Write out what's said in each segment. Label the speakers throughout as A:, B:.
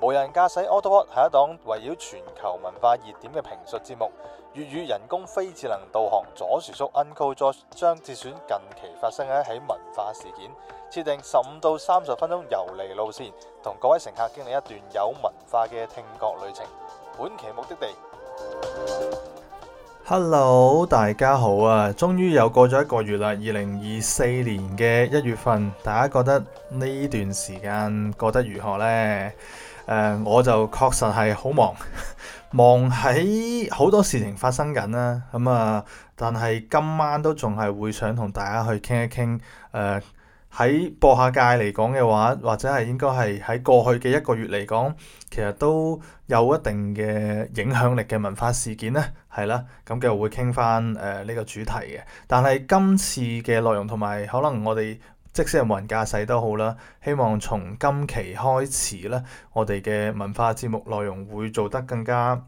A: 無人駕駛 AutoPod 係一檔圍繞全球文化熱點嘅評述節目。粵語人工非智能導航左薯叔 UncleJosh 將節選近期發生嘅一起文化事件。設定十五到三十分鐘遊離路線，同各位乘客經歷一段有文化嘅聽覺旅程。本期目的地。Hello，大家好啊！終於又過咗一個月啦，二零二四年嘅一月份，大家覺得呢段時間過得如何呢？誒，我就確實係好忙，忙喺好多事情發生緊啦。咁啊，但係今晚都仲係會想同大家去傾一傾誒。喺播下界嚟講嘅話，或者係應該係喺過去嘅一個月嚟講，其實都有一定嘅影響力嘅文化事件呢，係啦，咁就會傾翻誒呢個主題嘅。但係今次嘅內容同埋可能我哋即使係無人駕駛都好啦，希望從今期開始呢，我哋嘅文化節目內容會做得更加。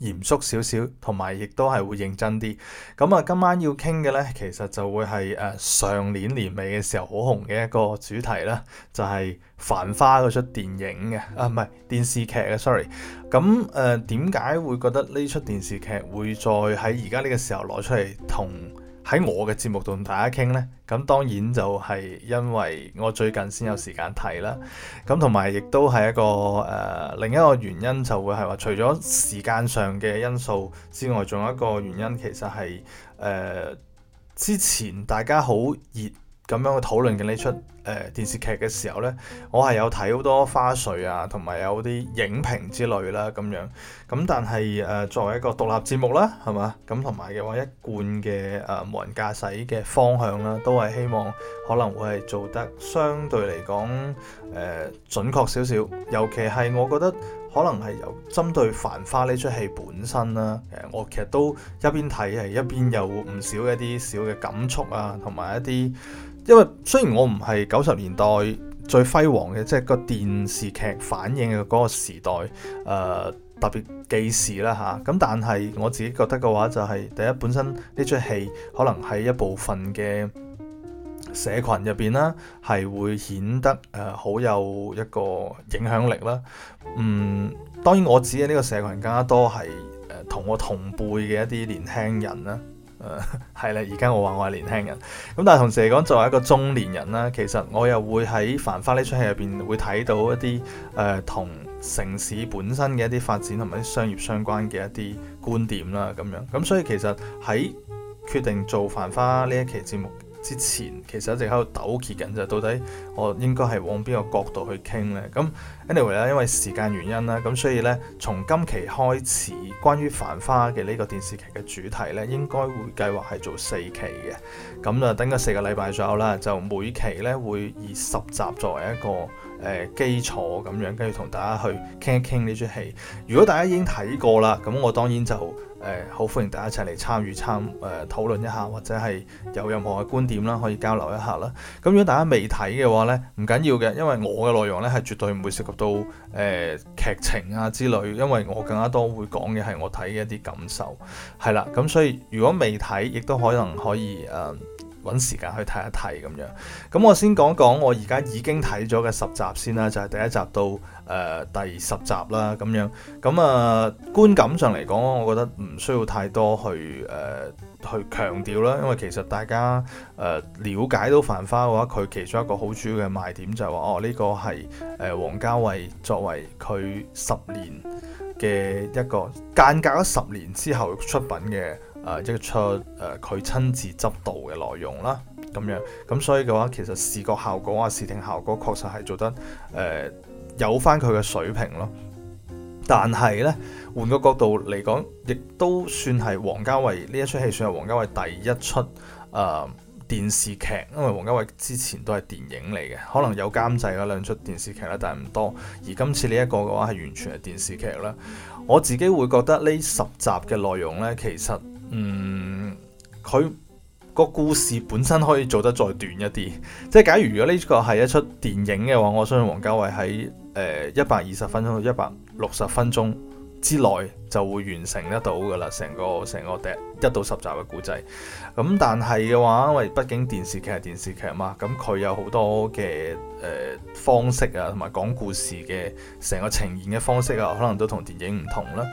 A: 嚴肅少少，同埋亦都係會認真啲。咁啊，今晚要傾嘅呢，其實就會係誒、呃、上年年尾嘅時候好紅嘅一個主題啦，就係、是《繁花》嗰出電影嘅，啊唔係電視劇啊 sorry 咁誒、嗯、點解、呃、會覺得呢出電視劇會再喺而家呢個時候攞出嚟同？喺我嘅節目度同大家傾呢，咁當然就係因為我最近先有時間睇啦，咁同埋亦都係一個誒、呃、另一個原因就會係話，除咗時間上嘅因素之外，仲有一個原因其實係誒、呃、之前大家好熱。咁樣去討論緊呢出誒、呃、電視劇嘅時候呢，我係有睇好多花絮啊，同埋有啲影評之類啦、啊、咁樣。咁但係誒、呃、作為一個獨立節目啦，係嘛？咁同埋嘅話一貫嘅誒、呃、無人駕駛嘅方向啦、啊，都係希望可能會係做得相對嚟講誒準確少少。尤其係我覺得可能係由針對《繁花》呢出戲本身啦、啊，誒我其實都一邊睇係一邊有唔少一啲小嘅感觸啊，同埋一啲。因為雖然我唔係九十年代最輝煌嘅，即係個電視劇反映嘅嗰個時代，誒、呃、特別記事啦吓，咁、啊、但係我自己覺得嘅話、就是，就係第一本身呢出戲可能喺一部分嘅社群入邊啦，係會顯得誒好、呃、有一個影響力啦、啊。嗯，當然我指嘅呢個社群更加多係誒同我同輩嘅一啲年輕人啦。誒，係啦，而家我話我係年輕人，咁但係同時嚟講作為一個中年人啦，其實我又會喺《繁花》呢出戲入邊會睇到一啲誒同城市本身嘅一啲發展同埋啲商業相關嘅一啲觀點啦，咁樣，咁所以其實喺決定做《繁花》呢一期節目。之前其實一直喺度糾結緊就到底我應該係往邊個角度去傾呢？咁 anyway 啦，因為時間原因啦，咁所以呢，從今期開始，關於《繁花》嘅呢個電視劇嘅主題呢，應該會計劃係做四期嘅。咁就等個四個禮拜左右啦，就每期呢會以十集作為一個、呃、基礎咁樣，跟住同大家去傾一傾呢出戲。如果大家已經睇過啦，咁我當然就。誒好、呃、歡迎大家一齊嚟參與參誒討論一下，或者係有任何嘅觀點啦，可以交流一下啦。咁如果大家未睇嘅話呢，唔緊要嘅，因為我嘅內容呢係絕對唔會涉及到誒劇、呃、情啊之類，因為我更加多會講嘅係我睇嘅一啲感受。係啦，咁所以如果未睇，亦都可能可以誒。呃揾時間去睇一睇咁樣，咁我先講講我而家已經睇咗嘅十集先啦，就係、是、第一集到誒、呃、第十集啦咁樣。咁啊、呃、觀感上嚟講，我覺得唔需要太多去誒、呃、去強調啦，因為其實大家誒瞭、呃、解到《繁花》嘅話，佢其中一個好主要嘅賣點就係、是、話哦呢、這個係誒、呃、王家衞作為佢十年嘅一個間隔咗十年之後出品嘅。誒一出誒，佢親自執導嘅內容啦，咁樣咁，所以嘅話，其實視覺效果啊，視聽效果確實係做得誒、呃、有返佢嘅水平咯。但係呢，換個角度嚟講，亦都算係王家衞呢一出戲算係王家衞第一出誒、呃、電視劇，因為王家衞之前都係電影嚟嘅，可能有監製嗰兩出電視劇咧，但係唔多。而今次呢一個嘅話係完全係電視劇啦。我自己會覺得呢十集嘅內容呢，其實～嗯，佢個故事本身可以做得再短一啲，即係假如如果呢個係一出電影嘅話，我相信王家衛喺誒一百二十分鐘到一百六十分鐘之內就會完成得到噶啦，成個成個第一到十集嘅故仔。咁但係嘅話，因為畢竟電視劇係電視劇嘛，咁佢有好多嘅誒、呃、方式啊，同埋講故事嘅成個呈現嘅方式啊，可能都同電影唔同啦。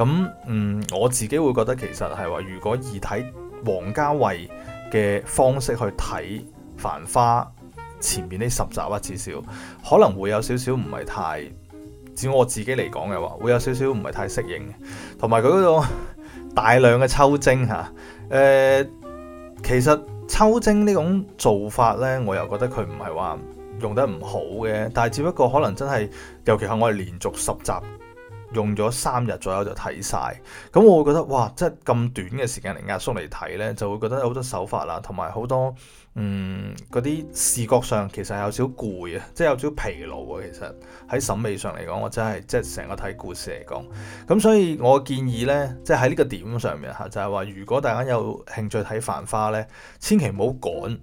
A: 咁嗯，我自己會覺得其實係話，如果以睇王家衞嘅方式去睇《繁花》前面呢十集啊，至少可能會有少少唔係太，照我自己嚟講嘅話，會有少少唔係太適應。同埋佢嗰種大量嘅抽幀嚇、啊，誒、呃，其實抽幀呢種做法呢，我又覺得佢唔係話用得唔好嘅，但係只不過可能真係，尤其係我係連續十集。用咗三日左右就睇晒，咁我會覺得哇，即係咁短嘅時間嚟壓縮嚟睇呢，就會覺得好多手法啦，同埋好多嗯嗰啲視覺上其實有少攰啊，即係有少疲勞啊。其實喺審美上嚟講，我真係即係成個睇故事嚟講，咁所以我建議呢，即係喺呢個點上面嚇，就係話如果大家有興趣睇繁花呢，千祈唔好趕，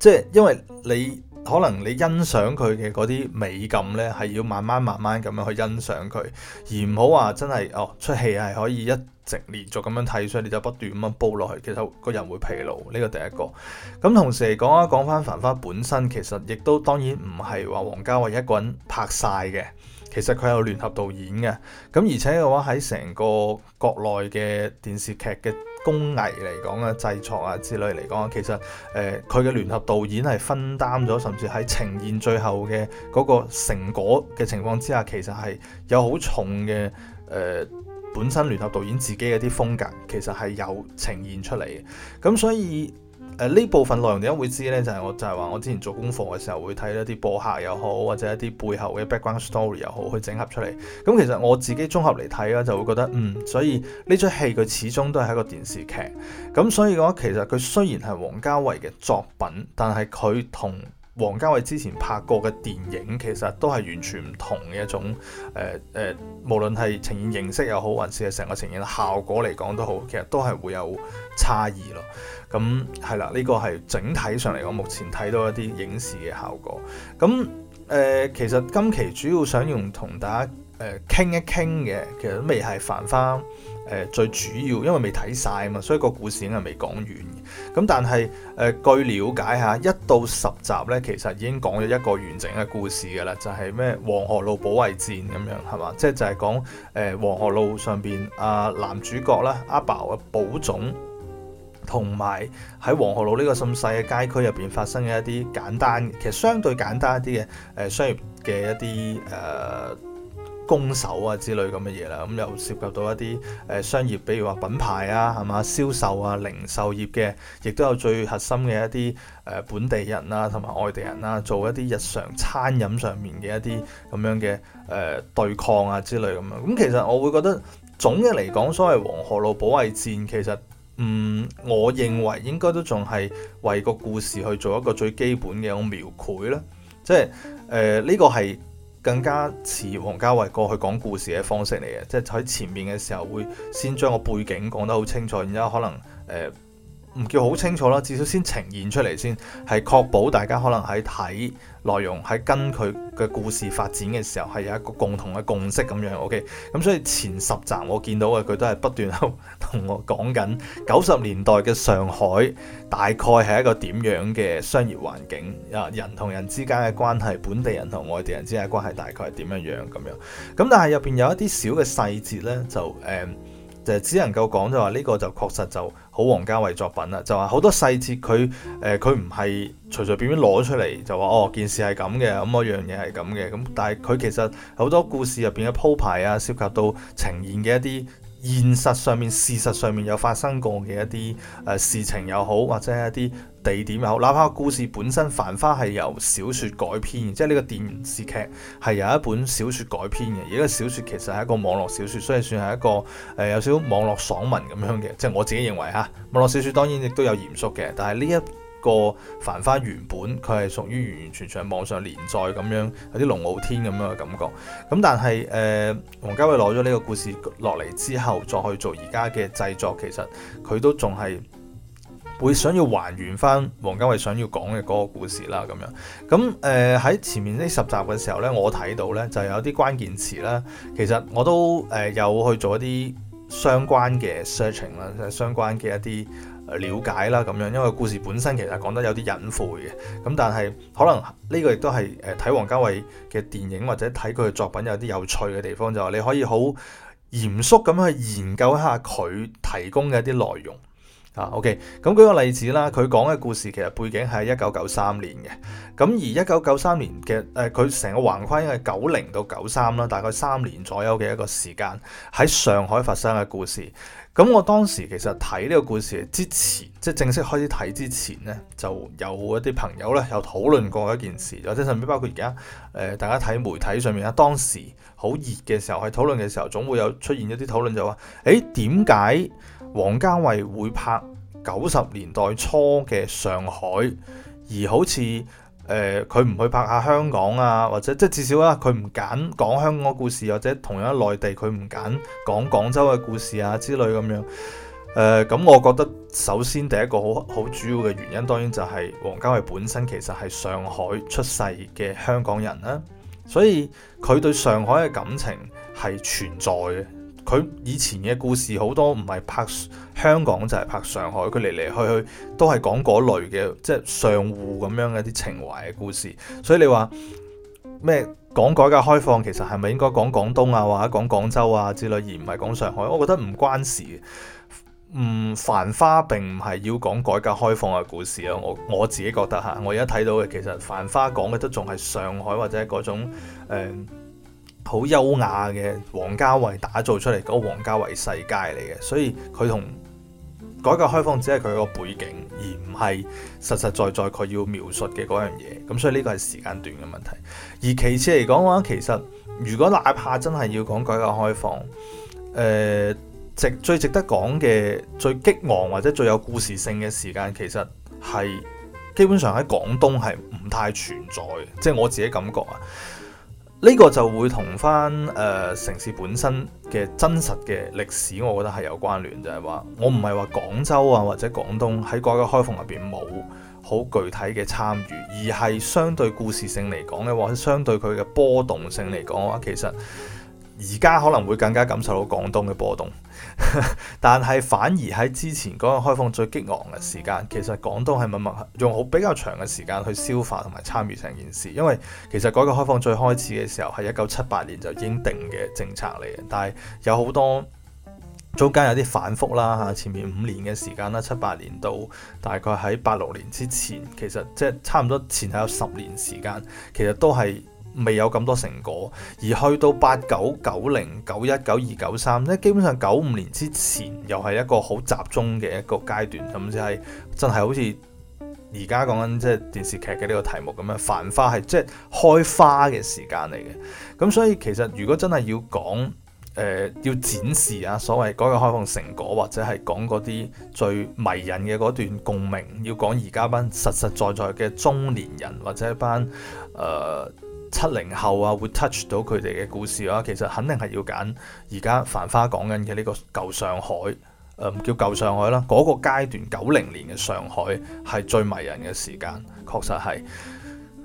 A: 即係因為你。可能你欣賞佢嘅嗰啲美感呢，係要慢慢慢慢咁樣去欣賞佢，而唔好話真係哦出戲係可以一直連續咁樣睇，所以你就不斷咁樣煲落去，其實個人會疲勞呢個第一個。咁同時嚟講啊，講翻《繁花》本身，其實亦都當然唔係話王家衞一個人拍晒嘅，其實佢有聯合導演嘅。咁而且嘅話喺成個國內嘅電視劇嘅。工藝嚟講啊，製作啊之類嚟講啊，其實誒佢嘅聯合導演係分擔咗，甚至喺呈現最後嘅嗰個成果嘅情況之下，其實係有好重嘅誒、呃、本身聯合導演自己一啲風格，其實係有呈現出嚟嘅，咁所以。誒呢、呃、部分內容點解會知呢？就係、是、我就係、是、話我之前做功課嘅時候會睇一啲播客又好，或者一啲背後嘅 background story 又好，去整合出嚟。咁、嗯、其實我自己綜合嚟睇啦，就會覺得嗯，所以呢出戲佢始終都係一個電視劇。咁、嗯、所以嘅話，其實佢雖然係王家衞嘅作品，但係佢同，王家衛之前拍過嘅電影，其實都係完全唔同嘅一種誒誒、呃呃，無論係呈現形式又好，還是係成個呈現效果嚟講都好，其實都係會有差異咯。咁係啦，呢、這個係整體上嚟講，目前睇到一啲影視嘅效果。咁誒、呃，其實今期主要想用同大家誒傾、呃、一傾嘅，其實都未係繁花。誒最主要，因為未睇晒嘛，所以個故事已經未講完。咁但係誒、呃、據了解一下一到十集呢，其實已經講咗一個完整嘅故事嘅啦，就係、是、咩黃河路保衛戰咁樣，係嘛？即係就係、是、講誒、呃、黃河路上邊阿、呃、男主角啦，阿爸嘅寶總，同埋喺黃河路呢個咁細嘅街區入邊發生嘅一啲簡單，其實相對簡單一啲嘅誒商業嘅一啲誒。呃攻守啊之類咁嘅嘢啦，咁又涉及到一啲誒商業，比如話品牌啊，係嘛，銷售啊、零售業嘅，亦都有最核心嘅一啲誒本地人啊，同埋外地人啊，做一啲日常餐飲上面嘅一啲咁樣嘅誒、呃、對抗啊之類咁樣。咁其實我會覺得總嘅嚟講，所謂黃河路保衛戰，其實嗯，我認為應該都仲係為個故事去做一個最基本嘅一個描繪啦。即係誒呢個係。更加似王家衛過去講故事嘅方式嚟嘅，即係喺前面嘅時候會先將個背景講得好清楚，然之後可能誒唔、呃、叫好清楚啦，至少先呈現出嚟先，係確保大家可能喺睇內容喺跟佢嘅故事發展嘅時候係有一個共同嘅共識咁樣，OK，咁所以前十集我見到嘅佢都係不斷同 我講緊九十年代嘅上海大概係一個點樣嘅商業環境啊，人同人之間嘅關係，本地人同外地人之間嘅關係大概係點樣樣咁樣，咁但係入邊有一啲小嘅細節呢，就誒、嗯、就只能夠講就話呢個就確實就。好王家衛作品啦，就話好多細節佢誒、佢唔係隨隨便便攞出嚟就話哦，件事係咁嘅，咁嗰樣嘢係咁嘅咁，但係佢其實好多故事入邊嘅鋪排啊，涉及到呈現嘅一啲現實上面、事實上面有發生過嘅一啲誒、呃、事情又好，或者係一啲。地點又好，哪怕故事本身《繁花》係由小說改編，即係呢個電視劇係由一本小說改編嘅，而呢個小說其實係一個網絡小說，所以算係一個誒、呃、有少少網絡爽文咁樣嘅，即係我自己認為嚇。網絡小說當然亦都有嚴肅嘅，但係呢一個《繁花》原本佢係屬於完完全全網上連載咁樣，有啲《龍傲天》咁樣嘅感覺。咁但係誒，王、呃、家衛攞咗呢個故事落嚟之後，再去做而家嘅製作，其實佢都仲係。會想要還原翻王家衛想要講嘅嗰個故事啦，咁樣咁誒喺前面呢十集嘅時候呢，我睇到呢就有啲關鍵詞啦，其實我都誒有去做一啲相關嘅 searching 啦，相關嘅一啲了解啦，咁樣因為故事本身其實講得有啲隱晦嘅，咁但係可能呢個亦都係誒睇王家衛嘅電影或者睇佢嘅作品有啲有趣嘅地方，就話你可以好嚴肅咁去研究一下佢提供嘅一啲內容。啊，OK，咁舉個例子啦，佢講嘅故事其實背景係一九九三年嘅，咁而一九九三年嘅誒，佢成個橫跨係九零到九三啦，大概三年左右嘅一個時間喺上海發生嘅故事。咁我當時其實睇呢個故事之前，即係正式開始睇之前呢，就有一啲朋友咧有討論過一件事，或者甚至包括而家誒大家睇媒體上面啦，當時好熱嘅時候，喺討論嘅時候，總會有出現一啲討論就話，誒點解王家衞會拍？九十年代初嘅上海，而好似誒佢唔去拍下香港啊，或者即係至少啊，佢唔揀講香港嘅故事，或者同樣內地佢唔揀講廣州嘅故事啊之類咁樣。誒、呃，咁，我覺得首先第一個好好主要嘅原因，當然就係王家衛本身其實係上海出世嘅香港人啦、啊，所以佢對上海嘅感情係存在嘅。佢以前嘅故事好多唔係拍香港就係拍上海，佢嚟嚟去去都係講嗰類嘅，即係上戶咁樣嘅啲情懷嘅故事。所以你話咩講改革開放其實係咪應該講廣東啊或者講廣州啊之類，而唔係講上海？我覺得唔關事。嗯，《繁花》並唔係要講改革開放嘅故事啊。我我自己覺得嚇，我而家睇到嘅其實《繁花》講嘅都仲係上海或者嗰種、呃好優雅嘅王家衞打造出嚟嗰個王家衞世界嚟嘅，所以佢同改革開放只係佢個背景，而唔係實實在在佢要描述嘅嗰樣嘢。咁所以呢個係時間段嘅問題。而其次嚟講嘅話，其實如果哪怕真係要講改革開放，誒、呃，值最值得講嘅、最激昂或者最有故事性嘅時間，其實係基本上喺廣東係唔太存在嘅，即、就、係、是、我自己感覺啊。呢個就會同翻誒城市本身嘅真實嘅歷史，我覺得係有關聯。就係話，我唔係話廣州啊或者廣東喺改革開放入邊冇好具體嘅參與，而係相對故事性嚟講咧，或者相對佢嘅波動性嚟講嘅話，其實。而家可能會更加感受到廣東嘅波動， 但係反而喺之前嗰個開放最激昂嘅時間，其實廣東係默默用好比較長嘅時間去消化同埋參與成件事，因為其實改革開放最開始嘅時候係一九七八年就已經定嘅政策嚟嘅，但係有好多中間有啲反覆啦嚇，前面五年嘅時間啦，七八年到大概喺八六年之前，其實即係差唔多前後有十年時間，其實都係。未有咁多成果，而去到八九九零九一九二九三，即基本上九五年之前，又係一個好集中嘅一個階段。咁即係真係好似而家講緊即係電視劇嘅呢個題目咁樣，繁花係即係開花嘅時間嚟嘅。咁所以其實如果真係要講誒、呃、要展示啊所謂改革開放成果，或者係講嗰啲最迷人嘅嗰段共鳴，要講而家班實實在在嘅中年人或者一班誒。呃七零後啊，會 touch 到佢哋嘅故事啊，其實肯定係要揀而家繁花講緊嘅呢個舊上海，嗯，叫舊上海啦，嗰個階段九零年嘅上海係最迷人嘅時間，確實係。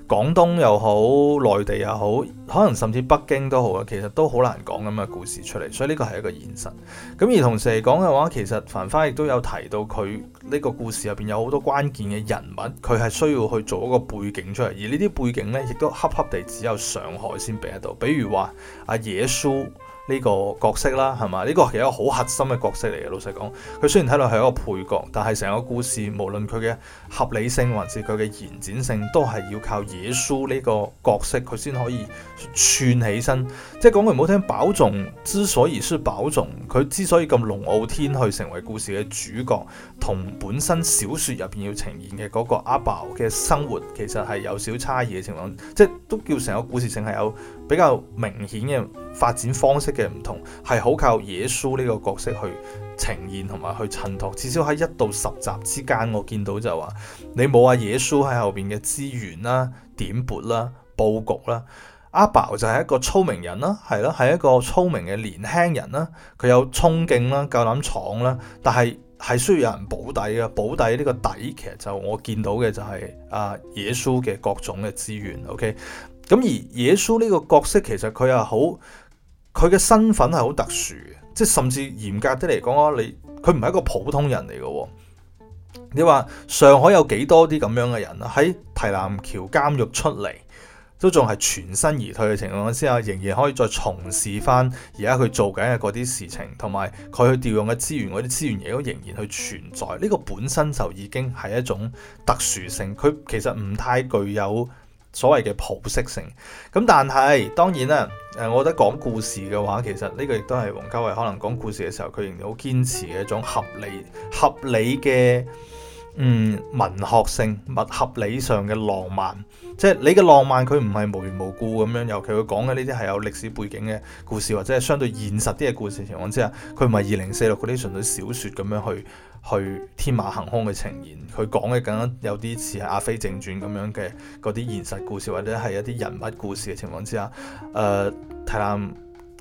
A: 廣東又好，內地又好，可能甚至北京都好啊，其實都好難講咁嘅故事出嚟，所以呢個係一個現實。咁而同時嚟講嘅話，其實繁花亦都有提到佢呢個故事入邊有好多關鍵嘅人物，佢係需要去做一個背景出嚟，而呢啲背景呢，亦都恰恰地只有上海先俾得到。比如話阿耶穌。呢個角色啦，係嘛？呢個其實一個好核心嘅角色嚟嘅。老實講，佢雖然睇落係一個配角，但係成個故事無論佢嘅合理性還是佢嘅延展性，都係要靠耶穌呢個角色佢先可以串起身。即係講句唔好聽，寶總之所以是寶總，佢之所以咁龍傲天去成為故事嘅主角，同本身小説入邊要呈現嘅嗰個阿寶嘅生活其實係有少少差異嘅情況，即係都叫成個故事性係有比較明顯嘅發展方式嘅唔同，係好靠耶穌呢個角色去呈現同埋去襯托。至少喺一到十集之間，我見到就話你冇阿耶穌喺後邊嘅資源啦、點撥啦、佈局啦。阿寶就係一個聰明人啦，係咯，係一個聰明嘅年輕人啦，佢有衝勁啦、夠膽闖啦，但係係需要有人保底嘅，保底呢個底其實就我見到嘅就係阿耶穌嘅各種嘅資源。OK。咁而耶穌呢個角色其實佢係好，佢嘅身份係好特殊，即係甚至嚴格啲嚟講啊，你佢唔係一個普通人嚟嘅、哦。你話上海有幾多啲咁樣嘅人喺提籃橋監獄出嚟，都仲係全身而退嘅情況之下，仍然可以再從事翻而家佢做緊嘅嗰啲事情，同埋佢去調用嘅資源，嗰啲資源亦都仍然去存在。呢個本身就已經係一種特殊性，佢其實唔太具有，所謂嘅普適性，咁但係當然啦，誒，我覺得講故事嘅話，其實呢個亦都係王家衛可能講故事嘅時候，佢仍然好堅持嘅一種合理、合理嘅嗯文學性，物合理上嘅浪漫，即係你嘅浪漫佢唔係無緣無故咁樣，尤其佢講嘅呢啲係有歷史背景嘅故事，或者係相對現實啲嘅故事情況之下，佢唔係二零四六嗰啲純粹小説咁樣去。去天馬行空嘅呈現，佢講嘅更加有啲似係《阿飛正傳》咁樣嘅嗰啲現實故事，或者係一啲人物故事嘅情況之下，誒、呃、提藍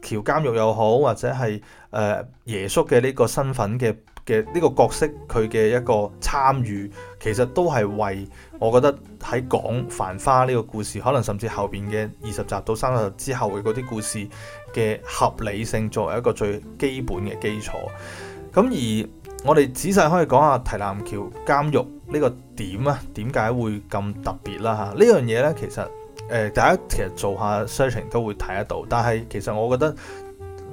A: 橋監獄又好，或者係誒、呃、爺叔嘅呢個身份嘅嘅呢個角色佢嘅一個參與，其實都係為我覺得喺講繁花呢個故事，可能甚至後邊嘅二十集到三十集之後嘅嗰啲故事嘅合理性作為一個最基本嘅基礎。咁、嗯、而我哋仔細可以講下提籃橋監獄呢個點啊，點解會咁特別啦？嚇呢樣嘢呢，其實誒、呃，大家其實做下 searching 都會睇得到。但係其實我覺得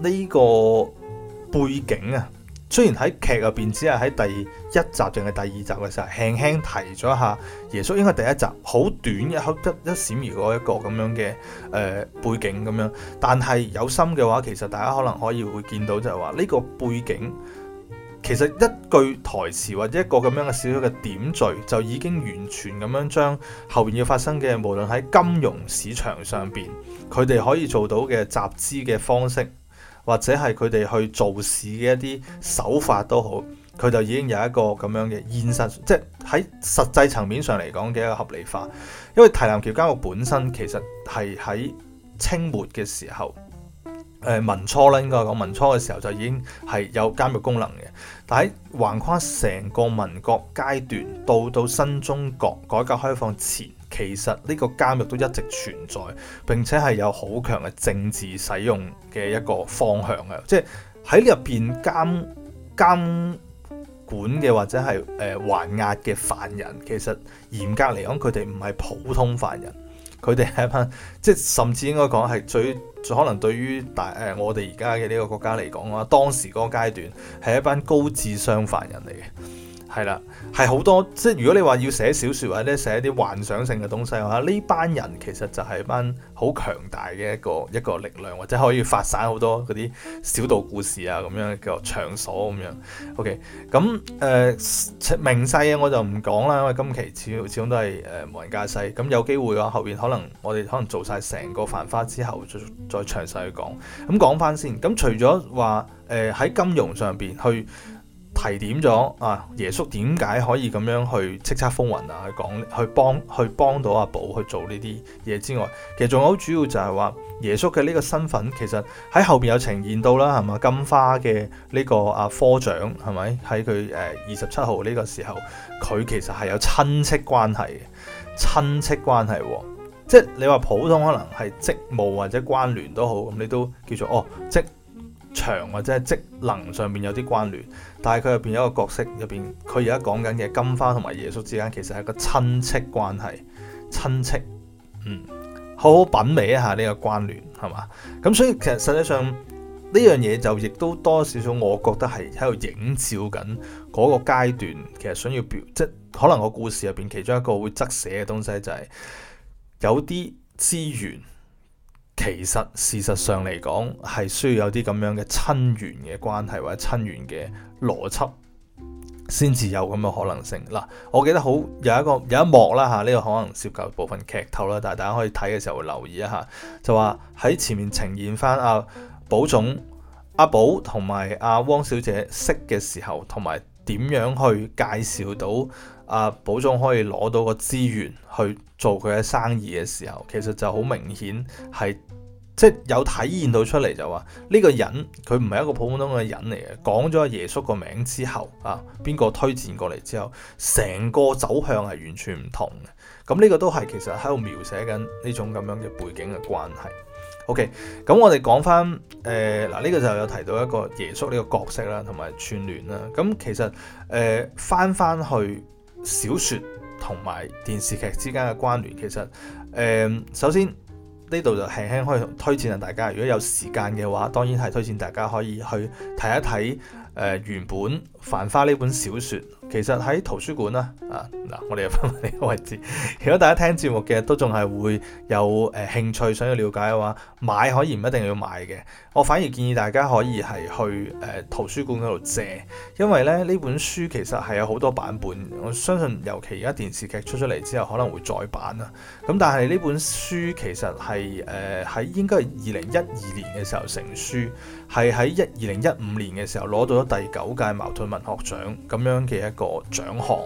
A: 呢個背景啊，雖然喺劇入邊只係喺第一集定係第二集嘅時候輕輕提咗一下，耶穌應該第一集好短嘅，一刻，一一閃而過一個咁樣嘅誒、呃、背景咁樣。但係有心嘅話，其實大家可能可以會見到就係話呢個背景。其實一句台詞或者一個咁樣嘅小小嘅點綴，就已經完全咁樣將後邊要發生嘅，無論喺金融市場上邊，佢哋可以做到嘅集資嘅方式，或者係佢哋去做市嘅一啲手法都好，佢就已經有一個咁樣嘅現實，即係喺實際層面上嚟講嘅一個合理化。因為提籃橋監獄本身其實係喺清末嘅時候。誒民、呃、初啦，應該講民初嘅時候就已經係有監獄功能嘅，但係橫跨成個民國階段到到新中國改革開放前，其實呢個監獄都一直存在，並且係有好強嘅政治使用嘅一個方向嘅，即係喺入邊監監管嘅或者係誒、呃、還押嘅犯人，其實嚴格嚟講佢哋唔係普通犯人，佢哋係一班即係甚至應該講係最。就可能對於大誒、呃、我哋而家嘅呢個國家嚟講啊，當時嗰個階段係一班高智商凡人嚟嘅。係啦，係好多即係如果你話要寫小說或者寫一啲幻想性嘅東西嘅話，呢班人其實就係班好強大嘅一個一個力量，或者可以發散好多嗰啲小道故事啊咁樣嘅場所咁樣。OK，咁誒、呃、明細嘅我就唔講啦，因為今期始始終都係誒、呃、無人駕駛。咁有機會嘅話，後邊可能我哋可能做晒成個繁花之後，再再詳細去講。咁講翻先，咁除咗話誒喺金融上邊去。提點咗啊！爺叔點解可以咁樣去叱咤風雲啊？去講去幫去幫到阿寶去做呢啲嘢之外，其實仲有好主要就係話爺叔嘅呢個身份，其實喺後邊有呈現到啦，係嘛，金花嘅呢個阿科長係咪喺佢誒二十七號呢個時候，佢其實係有親戚關係嘅親戚關係、哦，即係你話普通可能係職務或者關聯都好，咁你都叫做哦職場或者職能上面有啲關聯。但係佢入邊有一個角色入邊，佢而家講緊嘅金花同埋耶穌之間，其實係一個親戚關係。親戚，嗯，好好品味一下呢個關聯，係嘛咁。所以其實實際上呢樣嘢就亦都多少少，我覺得係喺度映照緊嗰個階段。其實想要表即係可能個故事入邊其中一個會執寫嘅東西就係、是、有啲資源。其實事實上嚟講，係需要有啲咁樣嘅親緣嘅關係或者親緣嘅邏輯，先至有咁嘅可能性。嗱，我記得好有一個有一幕啦嚇，呢、啊、個可能涉及部分劇透啦，但係大家可以睇嘅時候會留意一下。就話喺前面呈現翻阿寶總、阿寶同埋阿汪小姐識嘅時候，同埋點樣去介紹到阿、啊、寶總可以攞到個資源去做佢嘅生意嘅時候，其實就好明顯係。即有體現到出嚟就話呢個人佢唔係一個普普通通嘅人嚟嘅，講咗耶穌個名之後啊，邊個推薦過嚟之後，成、啊、個走向係完全唔同嘅。咁、嗯、呢、這個都係其實喺度描寫緊呢種咁樣嘅背景嘅關係。OK，咁、嗯、我哋講翻誒嗱呢個就有提到一個耶穌呢個角色啦，同埋串聯啦。咁其實誒翻翻去小說同埋電視劇之間嘅關聯，其實誒、呃呃、首先。呢度就輕輕可以推薦下大家，如果有時間嘅話，當然係推薦大家可以去睇一睇誒，呃，原本《繁花》呢本小說。其實喺圖書館啦，啊嗱，我哋又翻返呢個位置。如果大家聽節目嘅都仲係會有誒、呃、興趣想要了解嘅話，買可以唔一定要買嘅。我反而建議大家可以係去誒、呃、圖書館嗰度借，因為咧呢本書其實係有好多版本。我相信尤其而家電視劇出出嚟之後，可能會再版啦。咁但係呢本書其實係誒喺應該係二零一二年嘅時候成書，係喺一二零一五年嘅時候攞到咗第九屆茅盾文學獎。咁樣其實。個獎項，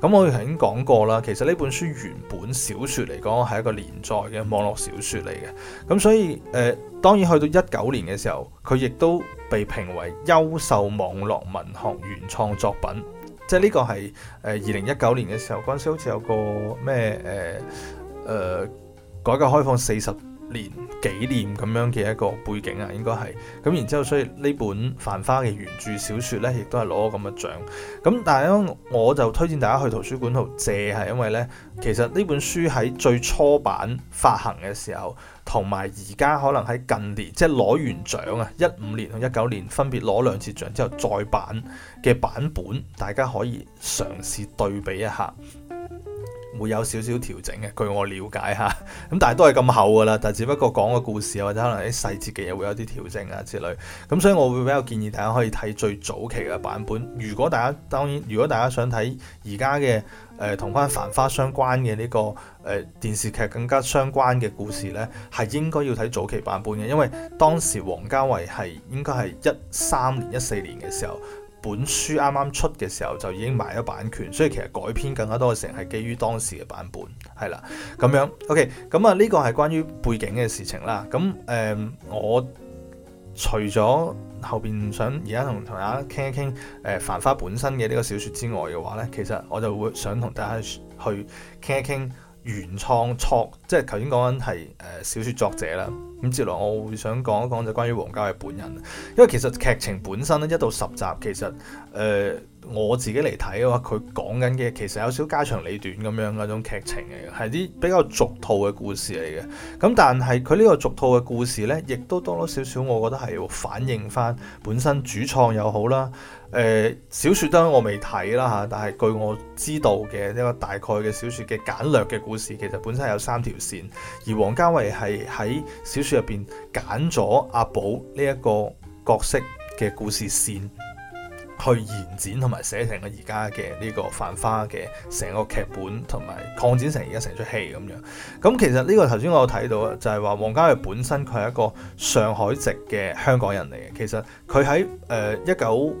A: 咁我已經講過啦。其實呢本書原本小說嚟講係一個連載嘅網絡小說嚟嘅，咁所以誒、呃，當然去到一九年嘅時候，佢亦都被評為優秀網絡文學原創作品，即係呢個係誒二零一九年嘅時候，嗰陣時好似有個咩誒誒改革開放四十。年紀念咁樣嘅一個背景啊，應該係咁，然之後所以呢本《繁花》嘅原著小説呢，亦都係攞咗咁嘅獎。咁但係因為我就推薦大家去圖書館度借，係因為呢，其實呢本書喺最初版發行嘅時候，同埋而家可能喺近年，即係攞完獎啊，一五年同一九年分別攞兩次獎之後再版嘅版本，大家可以嘗試對比一下。會有少少調整嘅，據我了解嚇，咁 但係都係咁厚㗎啦，但係只不過講個故事或者可能啲細節嘅嘢會有啲調整啊之類，咁所以我會比較建議大家可以睇最早期嘅版本。如果大家當然，如果大家想睇而家嘅誒同翻繁花相關嘅呢、呢個誒、呃、電視劇更加相關嘅故事呢，係應該要睇早期版本嘅，因為當時王家衛係應該係一三年、一四年嘅時候。本書啱啱出嘅時候就已經買咗版權，所以其實改編更加多嘅成係基於當時嘅版本，係啦咁樣。OK，咁啊呢個係關於背景嘅事情啦。咁誒、呃，我除咗後邊想而家同同大家傾一傾誒、呃、繁花本身嘅呢個小説之外嘅話呢，其實我就會想同大家去傾一傾原創作，即係頭先講緊係誒小説作者啦。咁接落我會想講一講就關於王家衛本人，因為其實劇情本身咧，一到十集，其實誒。呃我自己嚟睇嘅話，佢講緊嘅其實有少家長裏短咁樣嗰種劇情嚟嘅，係啲比較俗套嘅故事嚟嘅。咁但係，佢呢個俗套嘅故事咧，亦都多多少少，我覺得係反映翻本身主創又好啦。誒、呃、小說咧我未睇啦吓，但係據我知道嘅一個大概嘅小說嘅簡略嘅故事，其實本身有三條線，而王家衛係喺小說入邊揀咗阿寶呢一個角色嘅故事線。去延展同埋寫成個而家嘅呢個繁花嘅成個劇本，同埋擴展成而家成出戲咁樣。咁其實呢個頭先我有睇到就係話，王家衛本身佢係一個上海籍嘅香港人嚟嘅。其實佢喺誒一九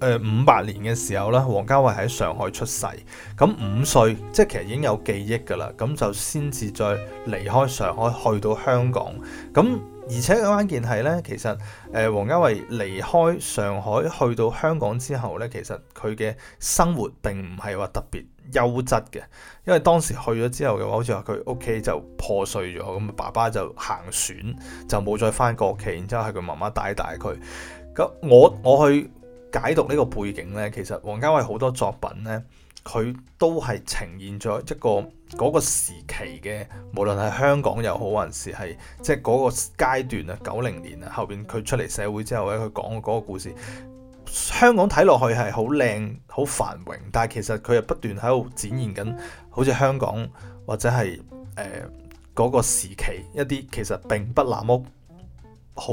A: 誒五八年嘅時候咧，王家衛喺上海出世，咁五歲即係其實已經有記憶噶啦，咁就先至再離開上海去到香港咁。而且關鍵係咧，其實誒王家衛離開上海去到香港之後咧，其實佢嘅生活並唔係話特別優質嘅，因為當時去咗之後嘅話，好似話佢屋企就破碎咗，咁爸爸就行船，就冇再翻過屋企。然之後係佢媽媽帶大佢。咁我我去解讀呢個背景咧，其實王家衛好多作品咧，佢都係呈現咗一個。嗰個時期嘅，無論係香港又好，還是係即係嗰個階段啊，九零年啊，後邊佢出嚟社會之後咧，佢講嗰個故事，香港睇落去係好靚、好繁榮，但係其實佢又不斷喺度展現緊，好似香港或者係誒嗰個時期一啲其實並不那麼好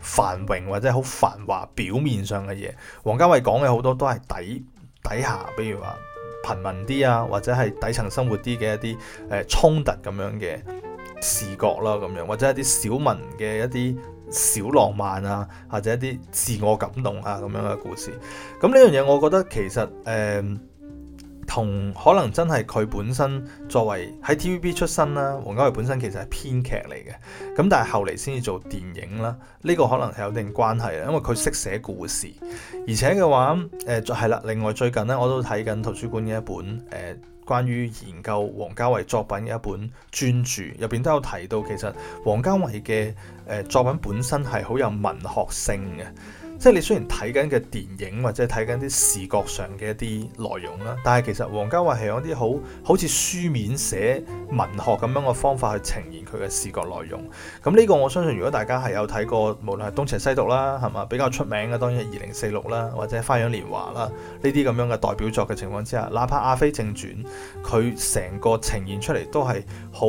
A: 繁榮或者好繁華表面上嘅嘢，王家衛講嘅好多都係底底下，比如話。貧民啲啊，或者係底層生活啲嘅一啲誒、呃、衝突咁樣嘅視覺啦，咁樣或者係啲小民嘅一啲小浪漫啊，或者一啲自我感動啊咁樣嘅故事，咁呢樣嘢我覺得其實誒。呃同可能真係佢本身作為喺 TVB 出身啦，王家衛本身其實係編劇嚟嘅，咁但係後嚟先至做電影啦，呢、這個可能係有定關係啦，因為佢識寫故事，而且嘅話誒係啦，另外最近呢，我都睇緊圖書館嘅一本誒、呃、關於研究王家衛作品嘅一本專著，入邊都有提到其實王家衛嘅、呃、作品本身係好有文學性嘅。即係你雖然睇緊嘅電影或者睇緊啲視覺上嘅一啲內容啦，但係其實王家衛係有啲好好似書面寫文學咁樣嘅方法去呈現佢嘅視覺內容。咁呢個我相信如果大家係有睇過，無論係東邪西毒啦，係嘛比較出名嘅，當然係二零四六啦，或者花樣年華啦呢啲咁樣嘅代表作嘅情況之下，哪怕阿飛正傳，佢成個呈現出嚟都係好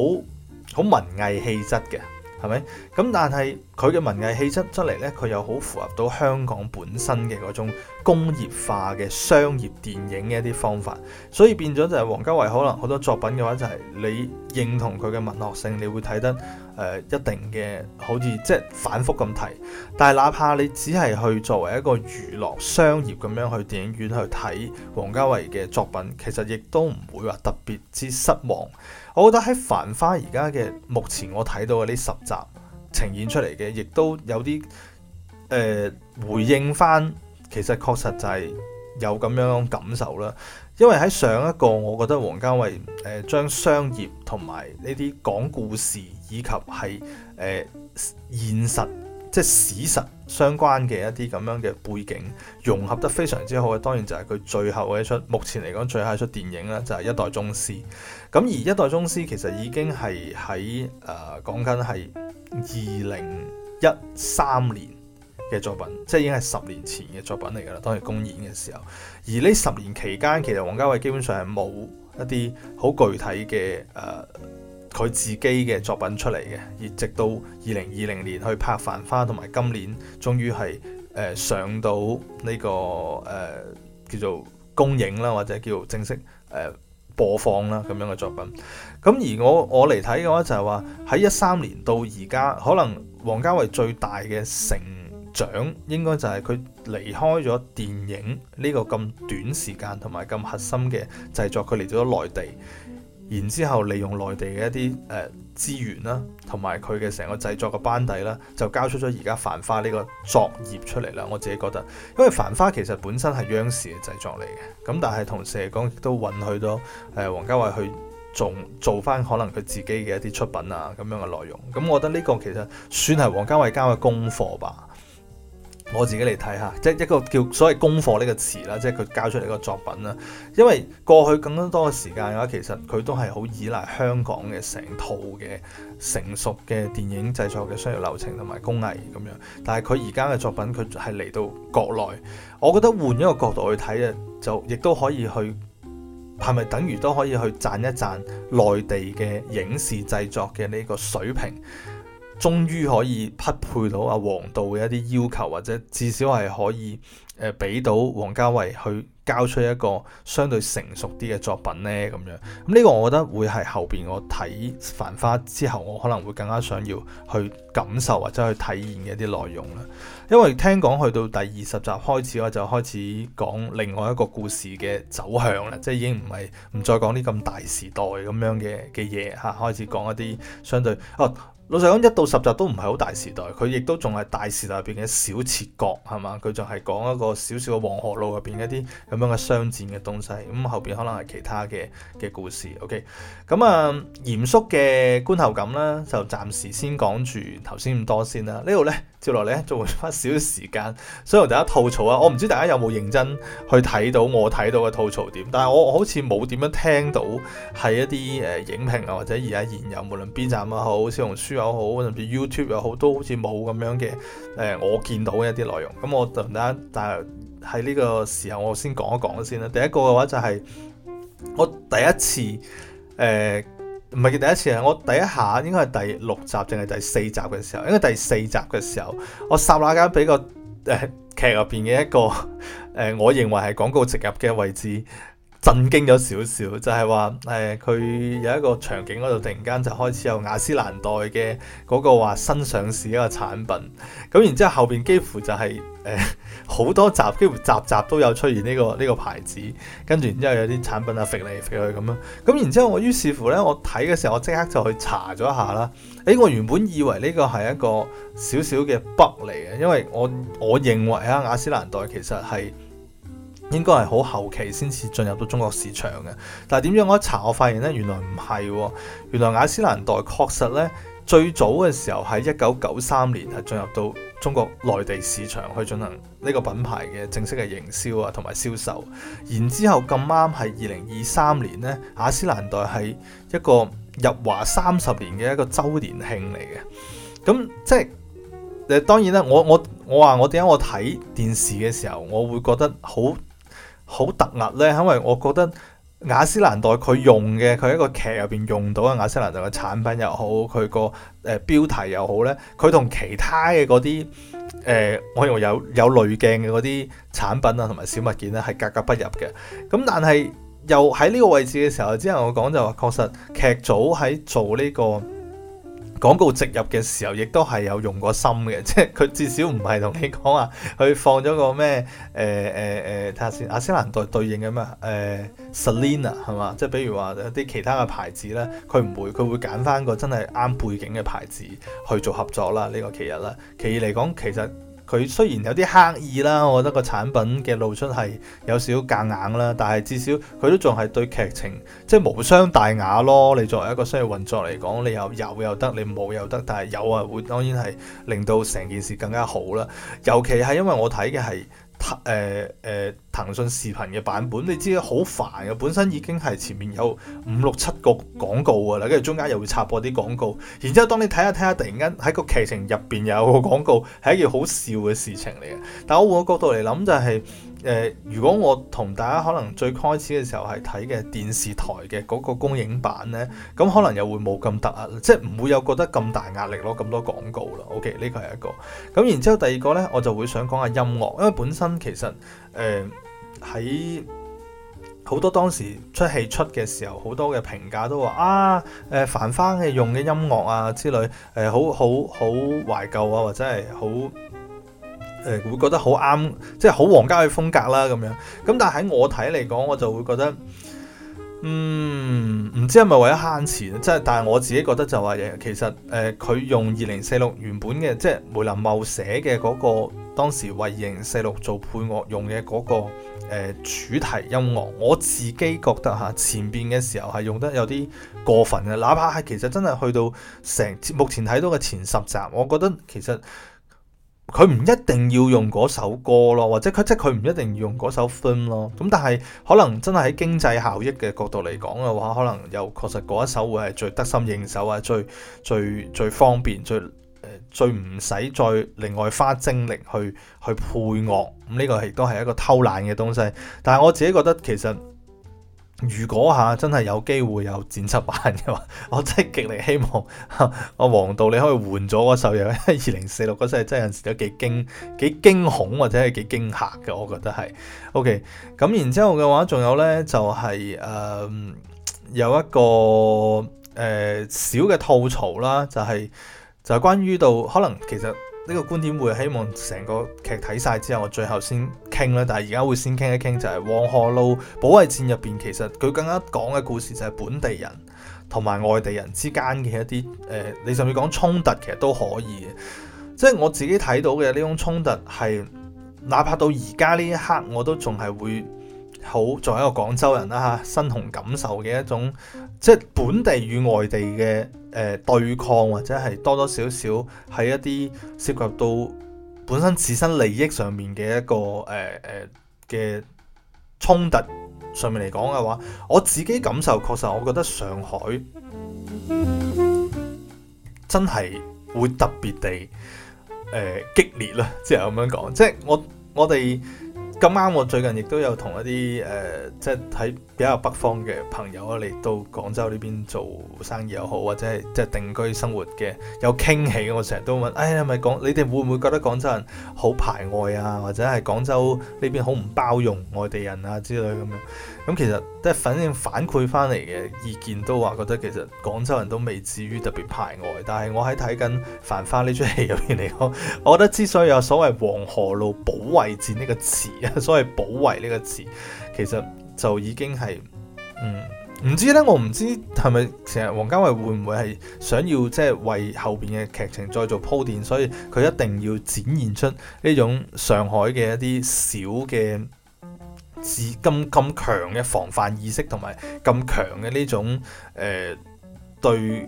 A: 好文藝氣質嘅。係咪？咁但係佢嘅文藝氣質出嚟呢，佢又好符合到香港本身嘅嗰種工業化嘅商業電影嘅一啲方法，所以變咗就係王家衛可能好多作品嘅話就係你認同佢嘅文學性，你會睇得誒、呃、一定嘅好似即係反復咁睇，但係哪怕你只係去作為一個娛樂商業咁樣去電影院去睇王家衛嘅作品，其實亦都唔會話特別之失望。我覺得喺《繁花》而家嘅目前我睇到嘅呢十集呈現出嚟嘅，亦都有啲誒、呃、回應翻，其實確實就係有咁樣感受啦。因為喺上一個，我覺得王家衛誒將商業同埋呢啲講故事以及係誒、呃、現實。即係史實相關嘅一啲咁樣嘅背景融合得非常之好嘅，當然就係佢最後嘅一出，目前嚟講最後一出電影咧，就係、是《一代宗師》。咁而《一代宗師》其實已經係喺誒講緊係二零一三年嘅作品，即已經係十年前嘅作品嚟㗎啦。當年公演嘅時候，而呢十年期間，其實王家衞基本上係冇一啲好具體嘅誒。呃佢自己嘅作品出嚟嘅，而直到二零二零年去拍《繁花》，同埋今年終於係誒、呃、上到呢、這個誒、呃、叫做公映啦，或者叫正式誒、呃、播放啦咁樣嘅作品。咁而我我嚟睇嘅話就，就係話喺一三年到而家，可能王家衛最大嘅成長，應該就係佢離開咗電影呢個咁短時間同埋咁核心嘅製作，佢嚟咗內地。然之後，利用內地嘅一啲誒資源啦，同埋佢嘅成個製作嘅班底啦，就交出咗而家《繁花》呢個作業出嚟啦。我自己覺得，因為《繁花》其實本身係央視嘅製作嚟嘅，咁但係同時嚟講，亦都允許咗誒王家衛去做做翻可能佢自己嘅一啲出品啊咁樣嘅內容。咁、嗯、我覺得呢個其實算係王家衛交嘅功課吧。我自己嚟睇下，即係一個叫所謂功課呢個詞啦，即係佢交出嚟個作品啦。因為過去更多時間嘅話，其實佢都係好依賴香港嘅成套嘅成熟嘅電影製作嘅商業流程同埋工藝咁樣。但係佢而家嘅作品佢係嚟到國內，我覺得換一個角度去睇啊，就亦都可以去係咪等於都可以去讚一讚內地嘅影視製作嘅呢個水平？終於可以匹配到阿王導嘅一啲要求，或者至少係可以誒俾、呃、到王家衛去交出一個相對成熟啲嘅作品呢咁樣。咁、這、呢個我覺得會係後邊我睇《繁花》之後，我可能會更加想要去感受或者去體驗嘅一啲內容啦。因為聽講去到第二十集開始我就開始講另外一個故事嘅走向啦，即係已經唔係唔再講啲咁大時代咁樣嘅嘅嘢嚇，開始講一啲相對哦。老實講，一到十集都唔係好大時代，佢亦都仲係大時代入邊嘅小切角，係嘛？佢仲係講一個少少嘅黃河路入邊一啲咁樣嘅商戰嘅東西，咁後邊可能係其他嘅嘅故事。OK，咁啊，嚴肅嘅觀後感啦，就暫時先講住頭先咁多先啦。呢度呢。接落嚟咧，仲剩翻少少時間，所以同大家吐槽啊！我唔知大家有冇認真去睇到我睇到嘅吐槽點，但係我我好似冇點樣聽到係一啲誒影評啊，或者而家現有無論 B 站啊好，小紅書又好，甚至 YouTube 又好，都好似冇咁樣嘅誒、呃，我見到嘅一啲內容。咁我同大家，但係喺呢個時候，我先講一講先啦。第一個嘅話就係、是、我第一次誒。呃唔係第一次啊！我第一下應該係第六集定係第四集嘅時候，應該第四集嘅時候，我霎那間俾個誒劇入邊嘅一個誒、呃呃，我認為係廣告植入嘅位置，震驚咗少少，就係話誒佢有一個場景嗰度，突然間就開始有雅詩蘭黛嘅嗰個話新上市一個產品，咁然之後後邊幾乎就係、是。誒好 多集，幾乎集集都有出現呢、呢個呢、呢個牌子，跟住然之後有啲產品啊，揈嚟揈去咁啦。咁然之後我於是乎呢，我睇嘅時候，我即刻就去查咗一下啦。誒、哎，我原本以為呢個係一個少少嘅 bug 嚟嘅，因為我我認為啊，雅詩蘭黛其實係應該係好後期先至進入到中國市場嘅。但係點樣我一查，我發現呢，原來唔係喎，原來雅詩蘭黛確實呢。最早嘅時候喺一九九三年係進入到中國內地市場，去進行呢個品牌嘅正式嘅營銷啊同埋銷售，然之後咁啱係二零二三年呢，雅詩蘭黛係一個入華三十年嘅一個周年慶嚟嘅。咁即係誒當然啦，我我我話我點解我睇電視嘅時候，我會覺得好好突兀呢，因為我覺得。雅詩蘭黛佢用嘅佢一個劇入邊用到嘅雅詩蘭黛嘅產品又好，佢個誒標題又好咧，佢同其他嘅嗰啲誒，我認為有有濾鏡嘅嗰啲產品啊，同埋小物件咧係格格不入嘅。咁但係又喺呢個位置嘅時候，之後我講就話，確實劇組喺做呢個。廣告植入嘅時候，亦都係有用過心嘅，即係佢至少唔係同你講話佢放咗個咩誒誒誒，睇下先，雅詩蘭黛對對應嘅咩誒 Celine 係嘛？即係比如話一啲其他嘅牌子咧，佢唔會佢會揀翻個真係啱背景嘅牌子去做合作啦。呢個其一啦，其二嚟講其實。佢雖然有啲刻意啦，我覺得個產品嘅露出係有少少夾硬啦，但係至少佢都仲係對劇情即係無傷大雅咯。你作為一個商業運作嚟講，你又有又得，你冇又得，但係有啊會當然係令到成件事更加好啦。尤其係因為我睇嘅係。誒誒、呃呃，騰訊視頻嘅版本，你知好煩嘅。本身已經係前面有五六七個廣告㗎啦，跟住中間又會插播啲廣告。然之後，當你睇下睇下，突然間喺個劇情入邊又有個廣告，係一件好笑嘅事情嚟嘅。但我換個角度嚟諗，就是，就係。誒，如果我同大家可能最開始嘅時候係睇嘅電視台嘅嗰個公映版呢，咁可能又會冇咁大壓，即係唔會有覺得咁大壓力咯，咁多廣告啦。OK，呢個係一個。咁然之後第二個呢，我就會想講下音樂，因為本身其實誒喺好多當時出戲出嘅時候，好多嘅評價都話啊，誒繁花嘅用嘅音樂啊之類，誒、呃、好好好懷舊啊，或者係好。誒會覺得好啱，即係好王家嘅風格啦咁樣。咁但係喺我睇嚟講，我就會覺得，嗯，唔知係咪為咗慳錢？即係但係我自己覺得就話其實誒佢、呃、用二零四六原本嘅，即係梅林茂寫嘅嗰個當時為二零四六做配樂用嘅嗰、嗰個、呃、主題音樂，我自己覺得嚇、啊、前邊嘅時候係用得有啲過分嘅。哪怕係其實真係去到成目前睇到嘅前十集，我覺得其實。佢唔一定要用嗰首歌咯，或者佢即係佢唔一定要用嗰首 film 咯。咁但係可能真係喺經濟效益嘅角度嚟講嘅話，可能又確實嗰一首會係最得心應手啊，最最最方便，最最唔使再另外花精力去去配樂。咁、這、呢個亦都係一個偷懶嘅東西。但係我自己覺得其實。如果嚇、啊、真係有機會有剪輯版嘅話，我真係極力希望阿王導你可以換咗嗰首嘢。因為二零四六嗰世真係有陣時都幾驚幾驚恐或者係幾驚嚇嘅，我覺得係 OK。咁然之後嘅話，仲有咧就係誒有一個誒、呃、小嘅吐槽啦，就係、是、就係、是、關於到可能其實。呢個觀點會希望成個劇睇晒之後，我最後先傾啦。但係而家會先傾一傾，就係、是《黃河路保衛戰》入邊，其實佢更加講嘅故事就係本地人同埋外地人之間嘅一啲誒、呃，你甚至講衝突，其實都可以。即係我自己睇到嘅呢種衝突，係哪怕到而家呢一刻，我都仲係會好作為一個廣州人啦、啊、嚇，身同感受嘅一種。即係本地與外地嘅誒，對抗，或者係多多少少喺一啲涉及到本身自身利益上面嘅一個誒誒嘅衝突上面嚟講嘅話，我自己感受確實，我覺得上海真係會特別地誒、呃、激烈啦，即係咁樣講，即係我我哋。咁啱，我最近亦都有同一啲誒、呃，即係喺比較北方嘅朋友啊嚟到廣州呢邊做生意又好，或者係即係定居生活嘅，有傾起我成日都問，哎，係咪講？你哋會唔會覺得廣州人好排外啊？或者係廣州呢邊好唔包容外地人啊之類咁樣？咁其實即係反正反饋翻嚟嘅意見都話覺得其實廣州人都未至於特別排外，但係我喺睇緊《繁花》呢出戲入面嚟講，我覺得之所以有所謂黃河路保衛戰呢個詞啊，所謂保衛呢個詞，其實就已經係嗯唔知呢，我唔知係咪成日王家衛會唔會係想要即係為後邊嘅劇情再做鋪墊，所以佢一定要展現出呢種上海嘅一啲小嘅。自咁咁強嘅防範意識同埋咁強嘅呢種誒、呃、對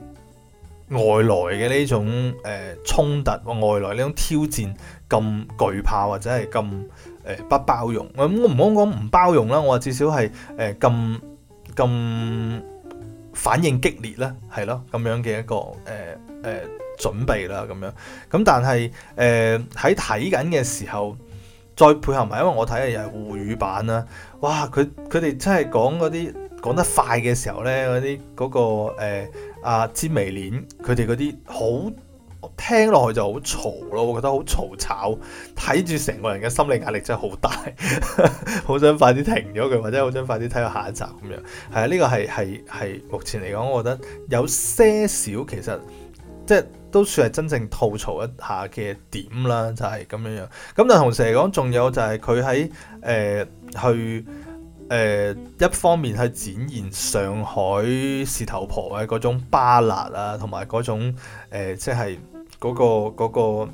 A: 外來嘅呢種誒、呃、衝突外來呢種挑戰，咁懼怕或者係咁誒不包容，咁我唔好講唔包容啦，我話至少係誒咁咁反應激烈啦，係咯咁樣嘅一個誒誒、呃呃、準備啦，咁樣咁但係誒喺睇緊嘅時候。再配合埋，因為我睇嘅又係滬語版啦，哇！佢佢哋真係講嗰啲講得快嘅時候咧，嗰啲嗰個誒、呃、啊尖眉鏈，佢哋嗰啲好聽落去就好嘈咯，我覺得好嘈吵，吵，睇住成個人嘅心理壓力真係好大，好 想快啲停咗佢，或者好想快啲睇下下一集咁樣。係啊，呢、這個係係係目前嚟講，我覺得有些少其實。即係都算係真正吐槽一下嘅點啦，就係咁樣樣。咁但同時嚟講，仲有就係佢喺誒去誒、呃、一方面去展現上海事頭婆嘅嗰種巴辣啊，同埋嗰種、呃、即係嗰、個嗰、個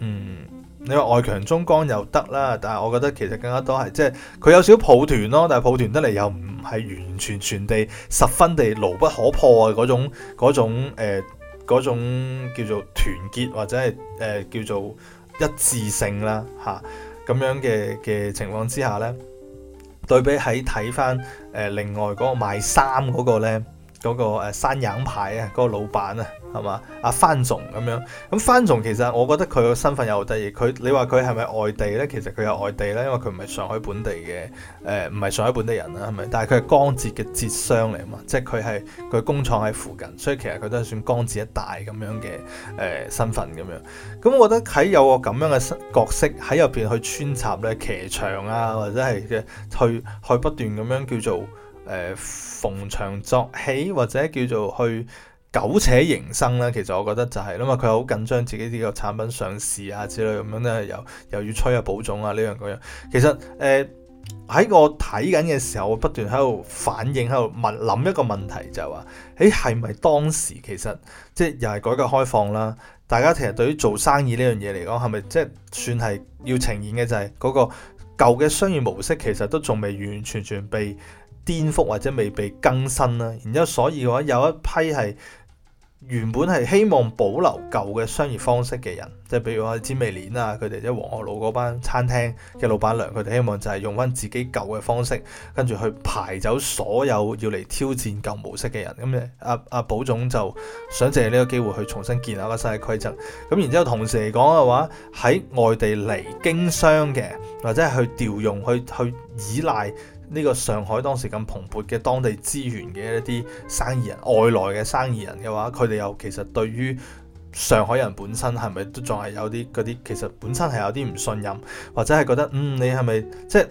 A: 嗯，你話外強中乾又得啦。但係我覺得其實更加多係即係佢有少少抱團咯，但係抱團得嚟又唔係完全全地十分地牢不可破嘅嗰種嗰嗰種叫做團結或者係誒、呃、叫做一致性啦，嚇咁樣嘅嘅情況之下咧，對比喺睇翻誒另外嗰個賣衫嗰個咧，嗰個誒山羊牌啊，嗰個老闆啊。係嘛？阿范總咁樣，咁范總其實我覺得佢個身份又好得意。佢你話佢係咪外地呢？其實佢有外地呢，因為佢唔係上海本地嘅，誒唔係上海本地人啦，係咪？但係佢係江浙嘅浙商嚟嘛，即係佢係佢工廠喺附近，所以其實佢都係算江浙一帶咁樣嘅誒、呃、身份咁樣。咁、嗯、我覺得喺有個咁樣嘅角色喺入邊去穿插咧，騎場啊或者係去去不斷咁樣叫做誒、呃、逢場作戲或者叫做去。苟且營生咧，其實我覺得就係，因為佢好緊張自己呢個產品上市啊之類咁樣咧，又又要催啊保種啊呢樣嗰樣。其實誒喺我睇緊嘅時候，我不斷喺度反應，喺度問諗一個問題就係話：誒係咪當時其實即係又係改革開放啦？大家其實對於做生意呢樣嘢嚟講，係咪即係算係要呈現嘅就係嗰個舊嘅商業模式其實都仲未完完全全被顛覆或者未被更新啦。然之後所以嘅話有一批係。原本係希望保留舊嘅商業方式嘅人，即係比如話煎味鏈啊，佢哋即係黃河路嗰班餐廳嘅老闆娘，佢哋希望就係用返自己舊嘅方式，跟住去排走所有要嚟挑戰舊模式嘅人。咁、嗯、咧，阿阿寶總就想借呢個機會去重新建立個新嘅規則。咁、嗯、然之後同時嚟講嘅話，喺外地嚟經商嘅或者係去調用、去去依賴。呢個上海當時咁蓬勃嘅當地資源嘅一啲生意人，外來嘅生意人嘅話，佢哋又其實對於上海人本身係咪都仲係有啲嗰啲，其實本身係有啲唔信任，或者係覺得嗯你係咪即係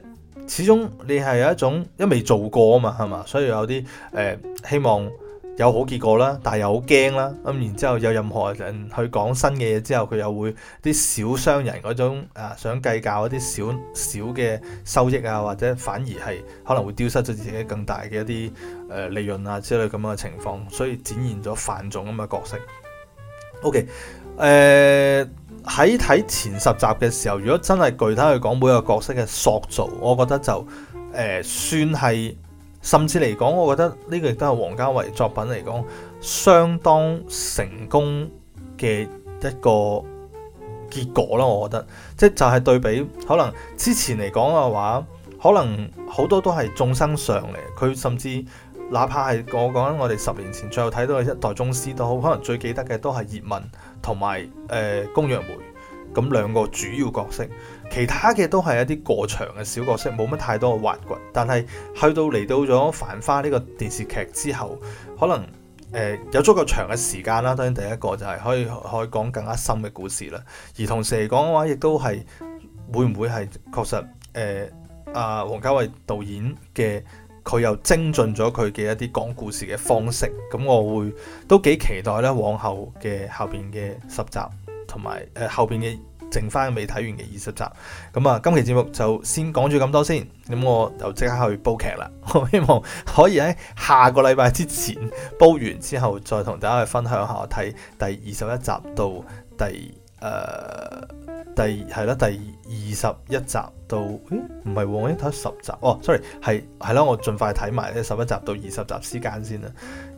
A: 始終你係有一種因為未做過啊嘛係嘛，所以有啲誒、呃、希望。有好結果啦，但係又好驚啦。咁然之後有任何人去講新嘅嘢之後，佢又會啲小商人嗰種啊想計較一啲少少嘅收益啊，或者反而係可能會丟失咗自己更大嘅一啲誒利潤啊之類咁樣嘅情況，所以展現咗范總咁嘅角色。OK，誒喺睇前十集嘅時候，如果真係具體去講每個角色嘅塑造，我覺得就誒、呃、算係。甚至嚟講，我覺得呢個亦都係王家衞作品嚟講相當成功嘅一個結果囉。我覺得，即就係、是、對比，可能之前嚟講嘅話，可能好多都係眾生相嚟。佢甚至哪怕係我講緊我哋十年前最後睇到嘅一代宗師都好，可能最記得嘅都係葉問同埋誒宮若梅。咁兩個主要角色，其他嘅都係一啲過場嘅小角色，冇乜太多嘅挖掘。但係去到嚟到咗《繁花》呢個電視劇之後，可能誒、呃、有足夠長嘅時間啦。當然，第一個就係可以可以講更加深嘅故事啦。而同時嚟講嘅話，亦都係會唔會係確實誒、呃、啊？王家衞導演嘅佢又精進咗佢嘅一啲講故事嘅方式。咁我會都幾期待咧，往後嘅後邊嘅十集。同埋誒後邊嘅剩返未睇完嘅二十集，咁啊，今期節目就先講住咁多先，咁我就即刻去煲劇啦。我希望可以喺下個禮拜之前煲完之後，再同大家去分享下睇第二十一集到第誒。呃第係啦，第二十一集到，唔係喎，我已經睇咗十集哦，sorry，係係啦，我盡快睇埋呢十一集到二十集之間先啦，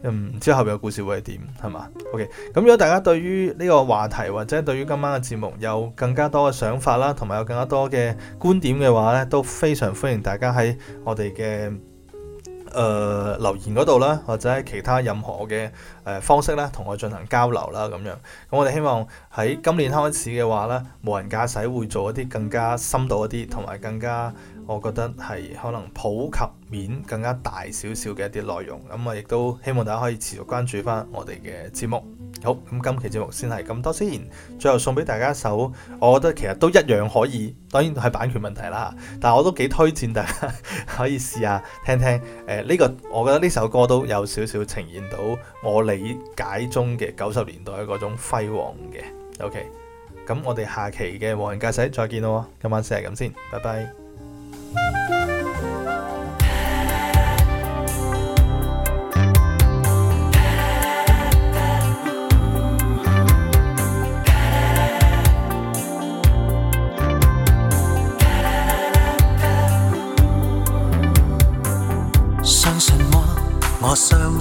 A: 嗯，唔知後邊嘅故事會係點，係嘛？OK，咁如果大家對於呢個話題或者對於今晚嘅節目有更加多嘅想法啦，同埋有更加多嘅觀點嘅話呢，都非常歡迎大家喺我哋嘅。誒、呃、留言嗰度啦，或者其他任何嘅誒、呃、方式咧，同我進行交流啦，咁樣，咁我哋希望喺今年開始嘅話咧，無人駕駛會做一啲更加深度一啲，同埋更加我覺得係可能普及面更加大少少嘅一啲內容。咁啊，亦都希望大家可以持續關注翻我哋嘅節目。好，咁今期節目先係咁多先，最後送俾大家一首，我覺得其實都一樣可以，當然係版權問題啦，但係我都幾推薦大家 可以試下聽聽。誒、呃，呢、這個我覺得呢首歌都有少少呈現到我理解中嘅九十年代嗰種輝煌嘅。OK，咁我哋下期嘅無人駕駛再見咯，今晚先係咁先，拜拜。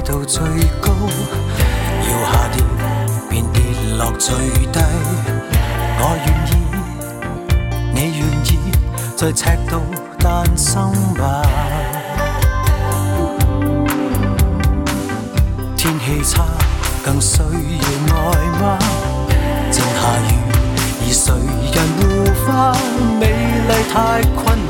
B: 飛到最高，要下跌便跌落最低。我願意，你願意，在赤道誕生吧。天氣差更需要愛嗎？正下雨，而誰人護花美麗太困